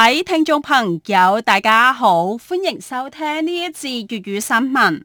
各位聽眾朋友，大家好，歡迎收聽呢一節粵語新聞。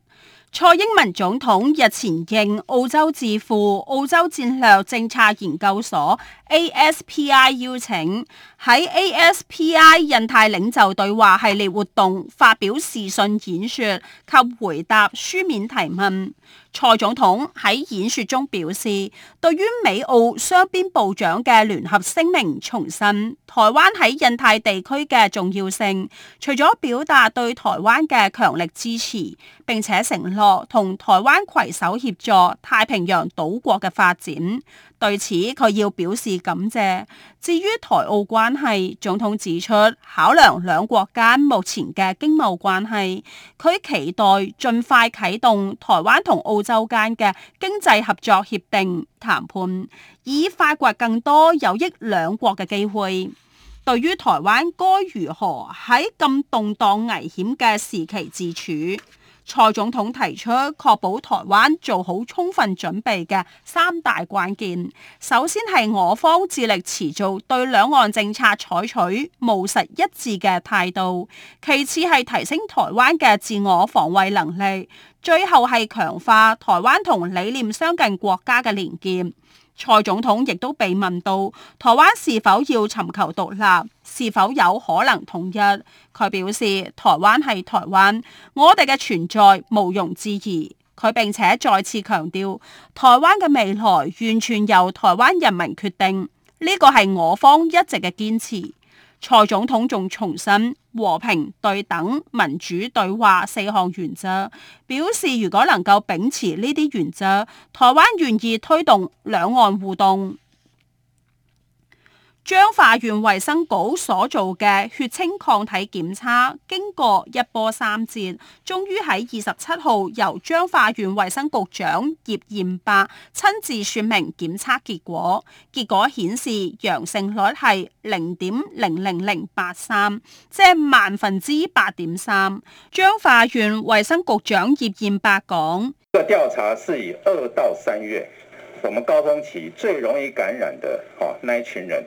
蔡英文總統日前應澳洲智庫、澳洲戰略政策研究所 （ASPI） 邀請，喺 ASPI 印太領袖對話系列活動發表視訊演說及回答書面提問。蔡總統喺演說中表示，對於美澳雙邊部長嘅聯合聲明重申，台灣喺印太地區嘅重要性，除咗表達對台灣嘅強力支持，並且承諾同台灣攜手協助太平洋島國嘅發展。對此，佢要表示感謝。至於台澳關係，總統指出，考量兩國間目前嘅經貿關係，佢期待盡快啟動台灣同澳洲間嘅經濟合作協定談判，以發掘更多有益兩國嘅機會。對於台灣該如何喺咁動盪危險嘅時期自處？蔡總統提出確保台灣做好充分準備嘅三大關鍵，首先係我方致力持續對兩岸政策採取務實一致嘅態度，其次係提升台灣嘅自我防衛能力，最後係強化台灣同理念相近國家嘅連結。蔡總統亦都被問到台灣是否要尋求獨立，是否有可能統一？佢表示台灣係台灣，我哋嘅存在毋庸置疑。佢並且再次強調，台灣嘅未來完全由台灣人民決定，呢個係我方一直嘅堅持。蔡總統仲重申和平、對等、民主對話四項原則，表示如果能夠秉持呢啲原則，台灣願意推動兩岸互動。彰化縣衛生局所做嘅血清抗體檢測，經過一波三折，終於喺二十七號由彰化縣衛生局長葉彥伯親自說明檢測結果。結果顯示陽性率係零點零零零八三，即係萬分之八點三。彰化縣衛生局長葉彥伯講：個調查是以二到三月，我們高峰期最容易感染的哦，那一群人。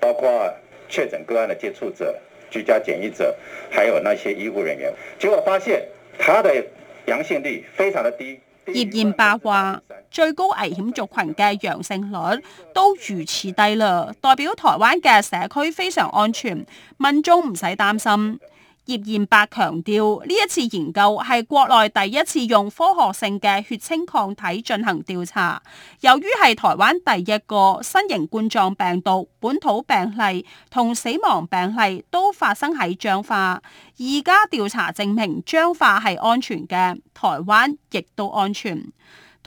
包括確診個案的接觸者、居家檢疫者，還有那些醫護人員，結果發現他的陽性率非常的低。葉彥伯話，最高危險族群嘅陽性率都如此低啦，代表台灣嘅社區非常安全，民眾唔使擔心。葉彥伯強調，呢一次研究係國內第一次用科學性嘅血清抗體進行調查。由於係台灣第一個新型冠狀病毒本土病例同死亡病例都發生喺彰化，而家調查證明彰化係安全嘅，台灣亦都安全。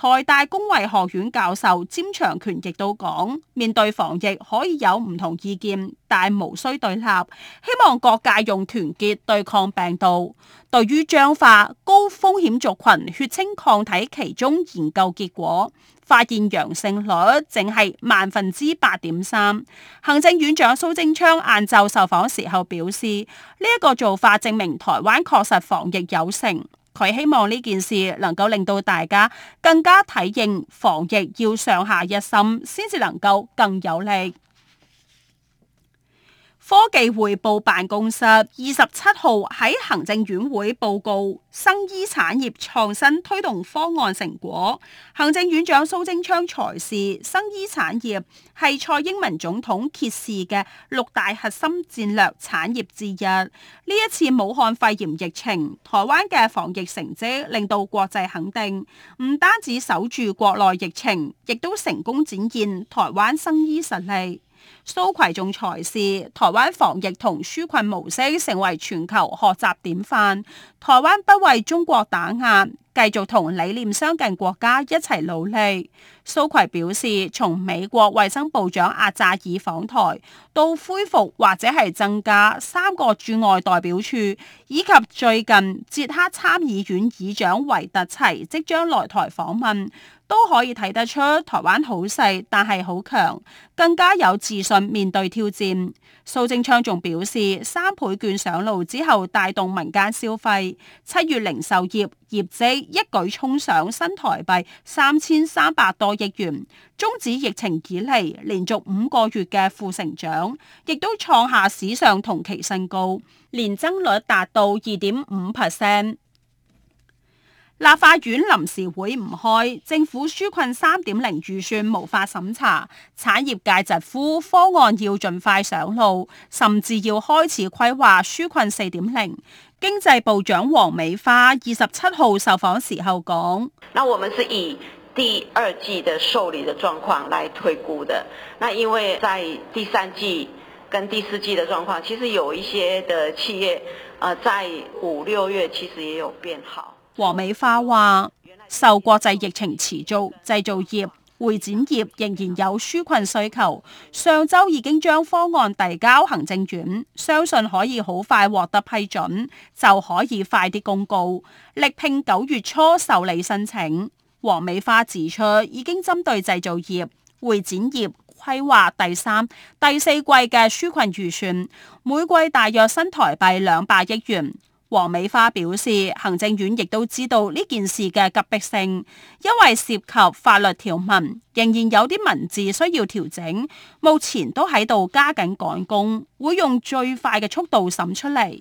台大公衛學院教授詹長權亦都講：面對防疫可以有唔同意見，但係無需對立。希望各界用團結對抗病毒。對於彰化高風險族群血清抗體其中研究結果，發現陽性率淨係萬分之八點三。行政院長蘇貞昌晏晝受訪時候表示：呢一個做法證明台灣確實防疫有成。佢希望呢件事能夠令到大家更加體認防疫要上下一心，先至能夠更有力。科技會報辦公室二十七號喺行政院會報告生醫產業創新推動方案成果。行政院長蘇貞昌才是生醫產業係蔡英文總統揭示嘅六大核心戰略產業之一。呢一次武漢肺炎疫情，台灣嘅防疫成績令到國際肯定，唔單止守住國內疫情，亦都成功展現台灣生醫實力。蘇貞昌表示，台灣防疫同紓困模式成為全球學習典範，台灣不為中國打壓，繼續同理念相近國家一齊努力。蘇貞昌表示，從美國衛生部長阿扎爾訪台，到恢復或者係增加三個駐外代表處，以及最近捷克參議院議長維特齊即將來台訪問，都可以睇得出，台灣好細但係好強，更加有自信面對挑戰。蘇貞昌仲表示，三倍券上路之後，帶動民間消費，七月零售業業績一舉衝上新台幣三千三百多億元，終止疫情以嚟連續五個月嘅負成長，亦都創下史上同期新高，年增率達到二點五 percent。立法院臨時會唔開，政府紓困三點零預算無法審查，產業界疾呼方案要盡快上路，甚至要開始規劃紓困四點零。經濟部長王美花二十七號受訪時候講：那我們是以第二季的受理的狀況來推估的。那因為在第三季跟第四季的狀況，其實有一些的企業在，在五六月其實也有變好。王美花話：受國際疫情持續，製造業、會展業仍然有紓困需求。上周已經將方案遞交行政院，相信可以好快獲得批准，就可以快啲公告，力拚九月初受理申請。王美花指出，已經針對製造業、會展業規劃第三、第四季嘅紓困預算，每季大約新台幣兩百億元。黃美花表示，行政院亦都知道呢件事嘅急迫性，因為涉及法律條文，仍然有啲文字需要調整。目前都喺度加緊趕工，會用最快嘅速度審出嚟。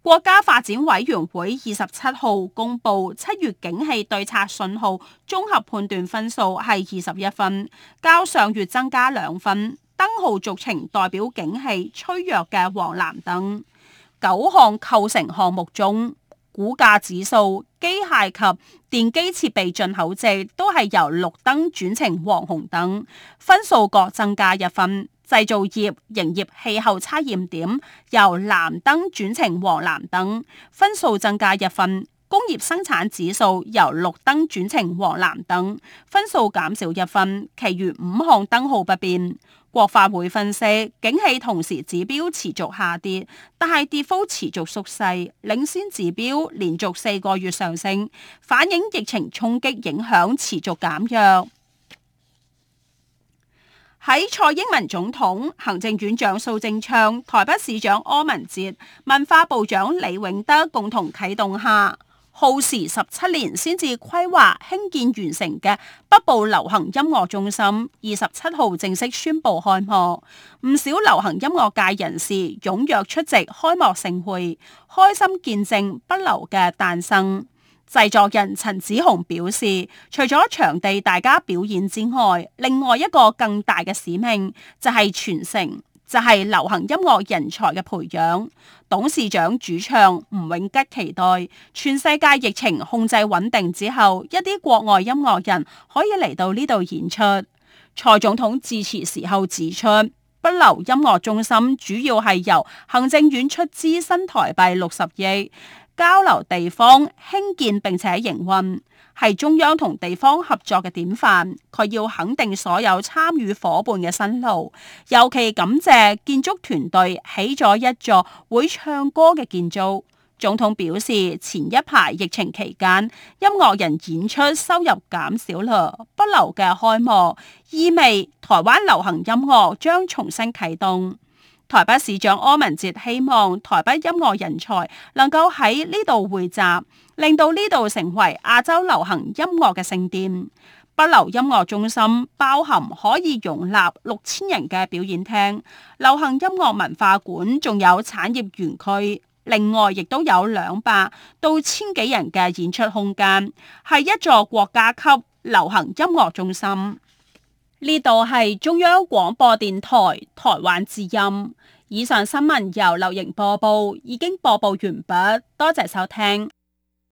國家發展委員會二十七號公布，七月景氣對策信號綜合判斷分數係二十一分，較上月增加兩分，燈號續亮代表景氣趨弱嘅黃藍燈。九項構成項目中，股價指數、機械及電機設備進口值都係由綠燈轉成黃紅燈，分數各增加一分；製造業、營業氣候測驗點由藍燈轉成黃藍燈，分數增加一分。工業生產指數由綠燈轉成黃藍燈，分數減少一分，其餘五項燈號不變。國發會分析，景氣同時指標持續下跌，但係跌幅持續縮細，領先指標連續四個月上升，反映疫情沖擊影響持續減弱。喺蔡英文總統、行政院長蘇貞昌、台北市長柯文哲、文化部長李永德共同啟動下。耗時十七年先至規劃興建完成嘅北部流行音樂中心，二十七號正式宣布開幕。唔少流行音樂界人士踊躍出席開幕盛會，開心見證北流嘅誕生。製作人陳子鴻表示，除咗場地大家表演之外，另外一個更大嘅使命就係傳承，就係流行音樂人才嘅培養。董事長主唱吳永吉期待全世界疫情控制穩定之後，一啲國外音樂人可以嚟到呢度演出。蔡總統致辭時候指出，北流音樂中心主要係由行政院出資新台幣六十億，交流地方，興建並且營運。係中央同地方合作嘅典範，佢要肯定所有參與夥伴嘅辛勞，尤其感謝建築團隊起咗一座會唱歌嘅建築。總統表示，前一排疫情期間，音樂人演出收入減少啦，北流嘅開幕意味台灣流行音樂將重新啟動。台北市長柯文哲希望台北音樂人才能夠喺呢度匯集，令到呢度成為亞洲流行音樂嘅聖殿。北流音樂中心包含可以容納六千人嘅表演廳、流行音樂文化館，仲有產業園區。另外，亦都有兩百到千幾人嘅演出空間，係一座國家級流行音樂中心。呢度係中央廣播電台台灣之音。以上新聞由劉瑩播報，已經播報完畢，多謝收聽。